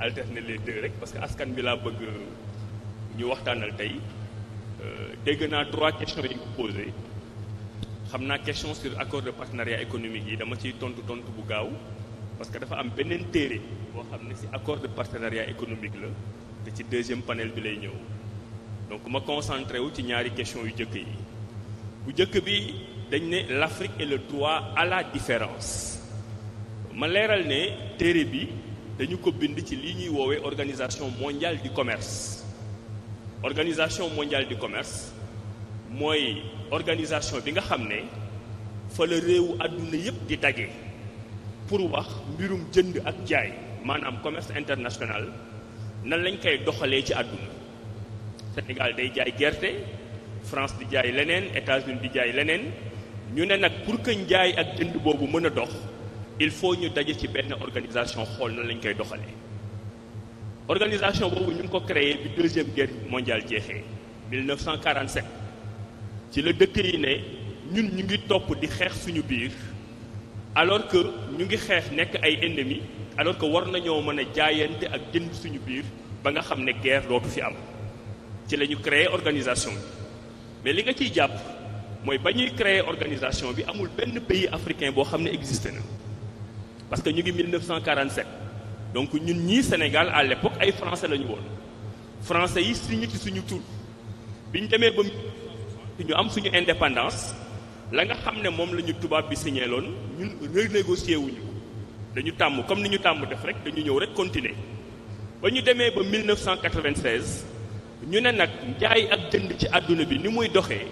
alterner les deux rek parce que askan bi laa bëgg ñu waxtaanal tey euh, dégg naa trois questions yi ñu ko posé xam naa question sur accord de partenariat économique yi dama ciy tontu tontu bu gaaw parce que dafa am beneen téere boo xam ne ci accord de partenariat économique la te ci deuxième panel bi lay ñëw donc ma concentré wu ci ñaari question yu jëkk yi bu jëkk bi dañ ne l'Afrique et le droit à la différence ma leeral ne téere bi dañu ko bind ci lii ñuy woowee organisation mondial du commerce organisation mondiale du commerce mooy organisation bi nga xam ne fa la réewu àdduna yépp di daje pour wax mbirum jënd ak jaay maanaam commerce international nan lañ koy doxalee ci àdduna Sénégal day jaay gerte France di jaay leneen États-Unis di jaay leneen ñu ne nag pour que jaay ak jënd boobu mën a dox il faut ñu daje ci benn organisation xool na lañ koy doxalee organisation boobu ñu ngi ko créé bi deuxième guerre mondiale jeexee 1947 ci la dëkk yi ne ñun ñu ngi topp di xeex suñu biir alors que ñu ngi xeex nekk ay ennemis alors que war nañoo mën a jaayante ak jënd suñu biir ba nga xam ne guerre dootu fi am ci lañu créer organisation bi mais li nga ciy jàpp mooy ba ñuy créé organisation bi amul benn pays africain boo xam ne existé na parce que ñu ngi 1947 donc ñun ñii Sénégal à l'époque ay français la ñu woon français yi signé ci suñu tur bi ñu demee ba ñu am suñu indépendance la nga xam ne moom la ñu tubaab bi signé loon ñun renégocié wuñu dañu tàmm comme ni ñu tàmm def rek dañu ñëw rek continuer ba ñu demee ba 1996 ñu ne nag njaay ak jënd ci àdduna bi ni muy doxee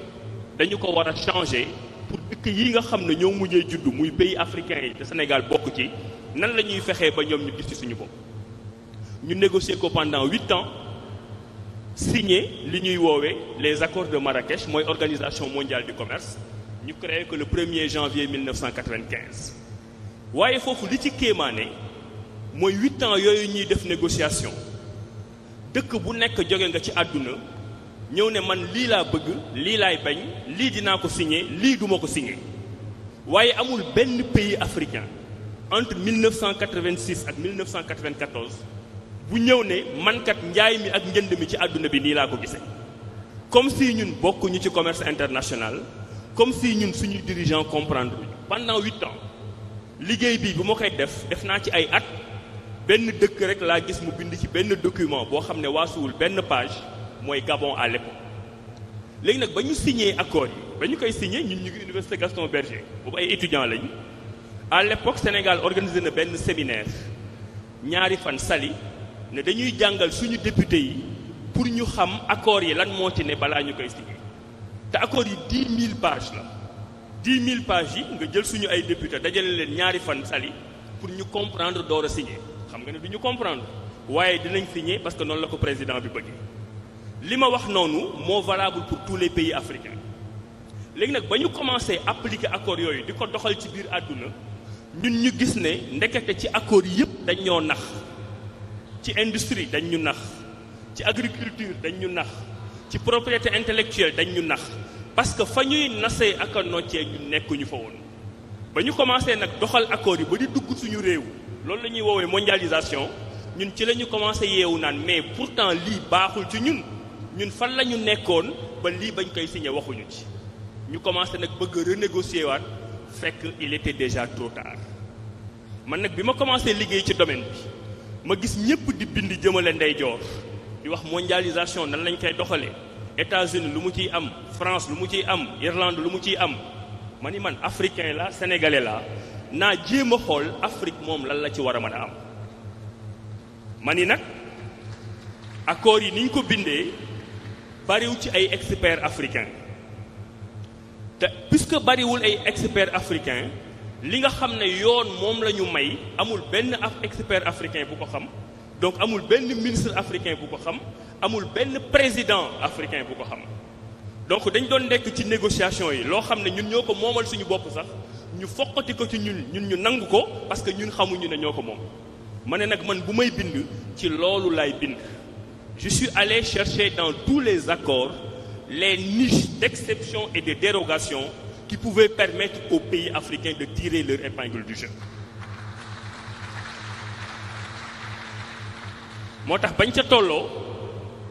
dañu ko war a changer pour dëkk yi nga xam ne ñoo mujjee juddu muy pays africain yi te Sénégal bokk ci nan la ñuy fexee ba ñoom ñu gis ci suñu bopp ñu négocier ko pendant huit ans signé li ñuy woowee les accords de Marrakech mooy organisation mondiale du commerce ñu créé que le 1er janvier 1995 waaye foofu li ci kéemaane mooy huit ans yooyu ñuy def négociation dëkk bu nekk joge nga ci àdduna ñëw ne man lii laa bëgg lii laay bañ lii dinaa ko signe lii duma ko signé waaye amul benn pays africain entre 1986 ak 1994 bu ñëw ne mankat njaay mi ak njënd mi ci àdduna bi nii laa ko gisee comme si ñun bokkuñu ci commerce international comme si ñun suñu dirigeant comprendre ñu pendant huit ans liggéey bi bu ma koy def def naa ci ay at benn dëkk rek laa gis mu bind ci benn document boo xam ne waasuwul benn page mooy Gabon à l'époque léegi nag ba ñu signé accord yi ba ñu koy signé ñun ñu ngi université Gaston Berger boobu ay étudiants lañu à l'époque Sénégal organisé na benn séminaire ñaari fan sali ne dañuy jàngal suñu député yi pour ñu xam accord yi lan moo ci ne balaa ñu koy signé te accord yi dix mille pages la dix mille pages yi nga jël suñu ay député dajale leen ñaari fan sali pour ñu comprendre door a signé xam nga ne du ñu comprendre waaye dinañ signé parce que noonu la ko président bi bëggee. li ma wax noonu moo valable pour tous les pays africains léegi nag ba ñu commencé appliquer accords yooyu di ko doxal ci biir àdduna ñun ñu gis ne ndekete ci accords yëpp dañ ñoo nax ci industrie dañ ñu nax ci agriculture dañ ñu nax ci propriété intellectuelle dañ ñu nax parce que fa ñuy nasee ak a noccee ñu nekkuñu fa woon ba ñu commencé nag doxal accords yi ba di dugg suñu réew loolu lañuy ñuy woowee mondialisation ñun ci la ñu commencé yeewu naan mais pourtant lii baaxul ci ñun ñun fan la ñu nekkoon ba lii bañ koy siñe waxuñu ci ñu commencé nag bëgg a renégocier fekk il était déjà trop man nag bi ma commencé liggéey ci domaine bi ma gis ñëpp di bind jëmale ndeyjoor di wax mondialisation nan lañ koy doxalee États-Unis lu mu ciy am France lu mu ciy am Irlande lu mu ciy am ma ni man africain la sénégalais la naa jéem a xool Afrique moom lan la ci war a mën a am ma ni nag accords yi niñ ko bindee. bariw ci ay experts africain te puisque bariwul ay experts africains li nga xam ne yoon moom la ñu may amul benn af expert africain bu ko xam donc amul benn ministre africain bu ko xam amul benn président africain bu ko xam donc dañ doon nekk ci négociation yi loo xam ne ñun ñoo ko moomal suñu bopp sax ñu foqati ko ci ñun ñun ñu nangu ko parce que ñun xamuñu ne ñoo ko moom ma ne nag man bu may bind ci loolu laay bind je suis allé chercher dans tous les accords les niches d'exception et de dérogation qui pouvaient permettre aux pays africains de tirer leur épingle du jeu. moo tax bañ ca tolloo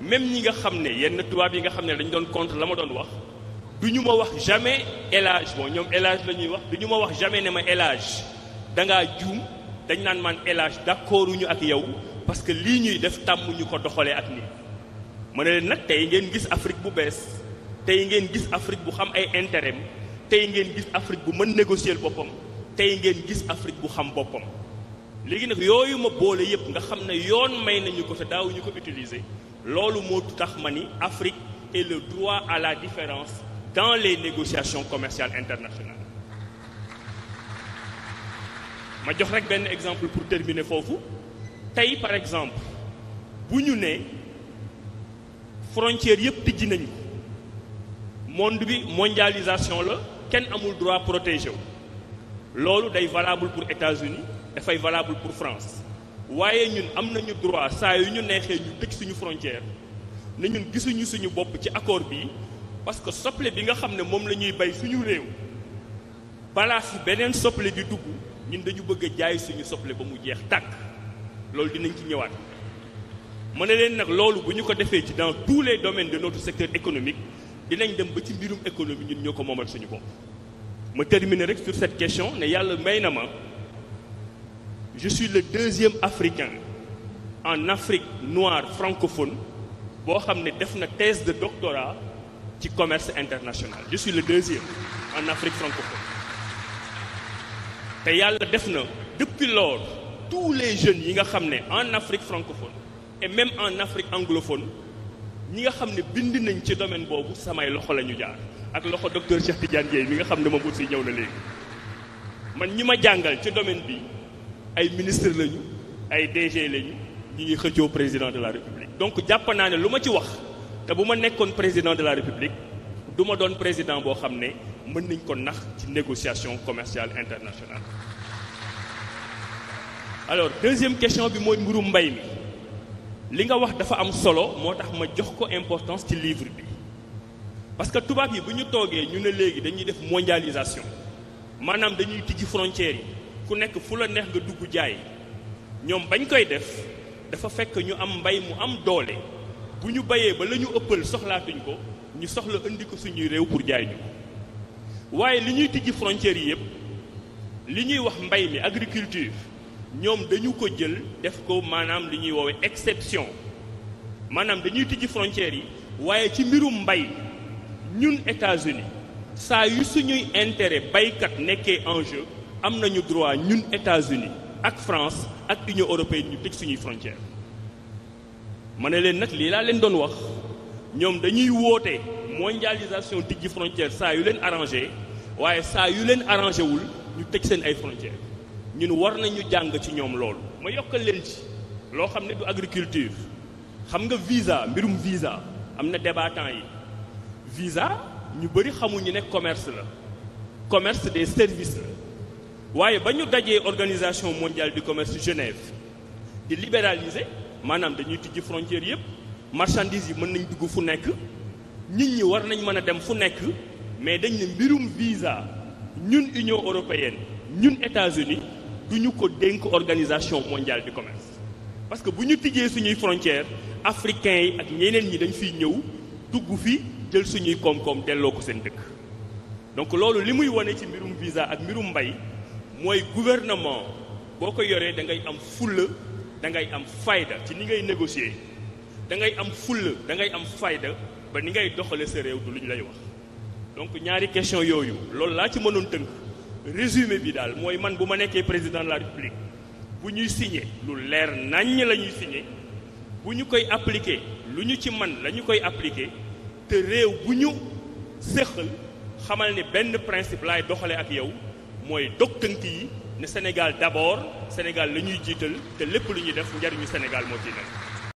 même ñi nga xam ne yenn tubaab yi nga xam ne dañ doon contre la ma doon wax du ñu ma wax jamais élage bon ñoom élage la ñuy wax du ñu ma wax jamais ne ma élage da ngaa juum dañ naan man élage d'accord ñu ak yow parce que lii ñuy def tàmm ñu ko doxalee ak ni ma ne nag tey ngeen gis Afrique bu bees tey ngeen gis Afrique bu xam ay intérêt tey ngeen gis Afrique bu mën négocier boppam tey ngeen gis Afrique bu xam boppam léegi nag yooyu ma boole yëpp nga xam ne yoon may nañu ko te daaw ñu ko utiliser loolu moo tax ma ni Afrique est le droit à la différence dans les négociations commerciales internationales ma jox rek benn exemple pour terminer foofu tey par exemple bu ñu nee frontière yëpp tijji nañu monde bi mondialisation la kenn amul droit protégé wu loolu day valable pour États-Unis dafay valable pour France waaye ñun am nañu droit saa yu ñu neexee ñu tëj suñu frontière ne gisuñu suñu bopp ci accord bii parce que soble bi nga xam ne moom la ñuy bay suñu réew balaa fi beneen soble di dugg ñun dañu bëgg a jaay suñu soble ba mu jeex tàkk loolu dinañ ci ñëwaat ma ne leen nag loolu bu ñu ko defee ci dans tous les domaines de notre secteur économique dinañ dem ba ci mbirum économie ñu ñoo ko moomal suñu bopp. ma terminer rek sur cette question ne yàlla may na ma je suis le deuxième africain en Afrique noire francophone boo xam ne def na thèse de doctorat ci commerce international je suis le deuxième en Afrique francophone te yàlla def na depuis lors tous les jeunes yi nga xam ne en Afrique francophone et même en Afrique anglophone ñi nga xam ne bind nañ ci domaine boobu samay loxo la ñu jaar ak loxo docteur Cheikh Tidiane Dièye mi nga xam ne moom aussi ñëw na léegi man ñi ma jàngal ci domaine bi ay ministre lañu ay DG lañu ñi ngi xëccoo président de la République donc jàpp naa ne lu ma ci wax te bu ma nekkoon président de la République du ma doon président boo xam ne mën nañ ko nax ci négociation commerciale internationale alors deuxième question bi mooy mbirum mbay mi li nga wax dafa am solo moo tax ma jox ko importance ci livre bi parce que tubaab yi bu ñu toogee ñu ne léegi dañuy def mondialisation maanaam dañuy tijji frontières yi ku nekk fu la neex nga dugg jaay ñoom bañ koy def dafa fekk ñu am mbay mu am doole bu ñu bayee ba la ñu ëppal soxlaatuñ ko ñu soxla indi ko suñuy réew pour jaay ñu waaye li ñuy tijji frontières yi yëpp li ñuy wax mbay mi agriculture ñoom dañu ko jël def ko maanaam li ñuy woowe exception maanaam dañuy tijji frontières yi waaye ci mbirum mbay ñun États-Unis saa yu suñuy intérêt baykat nekkee en jeu am nañu droit ñun États-Unis ak France ak Union européenne ñu tëj suñuy frontières ma ne leen nag lii laa leen doon wax ñoom dañuy woote mondialisation tijji frontière saa yu leen arrangé waaye saa yu leen arrangé wul ñu tëj seen ay frontières ñun war nañu jàng ci ñoom loolu ma yokkal leen ci loo xam ne du agriculture xam nga visa mbirum visa am na débattant yi visa ñu bëri xamuñu ne commerce la commerce des services la waaye ba ñu dajee organisation mondiale du commerce Genève di libéraliser maanaam dañuy tijji frontière yëpp marchandises yi mën nañ dugg fu nekk nit ñi war nañ mën a dem fu nekk mais dañ ne mbirum visa ñun Union européenne ñun États-Unis du ñu ko dénk organisation mondiale du commerce parce que bu ñu tijjee suñuy frontières africains yi ak ñeneen ñi dañ fiy ñëw dugg fi jël suñuy koom-koom delloo ko seen dëkk donc loolu li muy wane ci mbirum visa ak mbirum mbay mooy gouvernement boo ko yoree da ngay am fulla da ngay am fayda ci ni ngay négocier da ngay am fulla dangay ngay am fayda ba ni ngay doxale sa réew du lu ñu lay wax donc ñaari question yooyu loolu laa ci mënoon tënk résumé bi daal mooy man bu ma nekkee président la république bu ñuy signé lu leer naññ la ñuy signé bu ñu koy appliqué lu ñu ci man la ñu koy appliqué te réew bu ñu séqal xamal ne benn principe laay doxale ak yow mooy dog tënk yi ne Sénégal d'abord Sénégal la ñuy jiital te lépp lu ñuy def njariñu Sénégal moo ci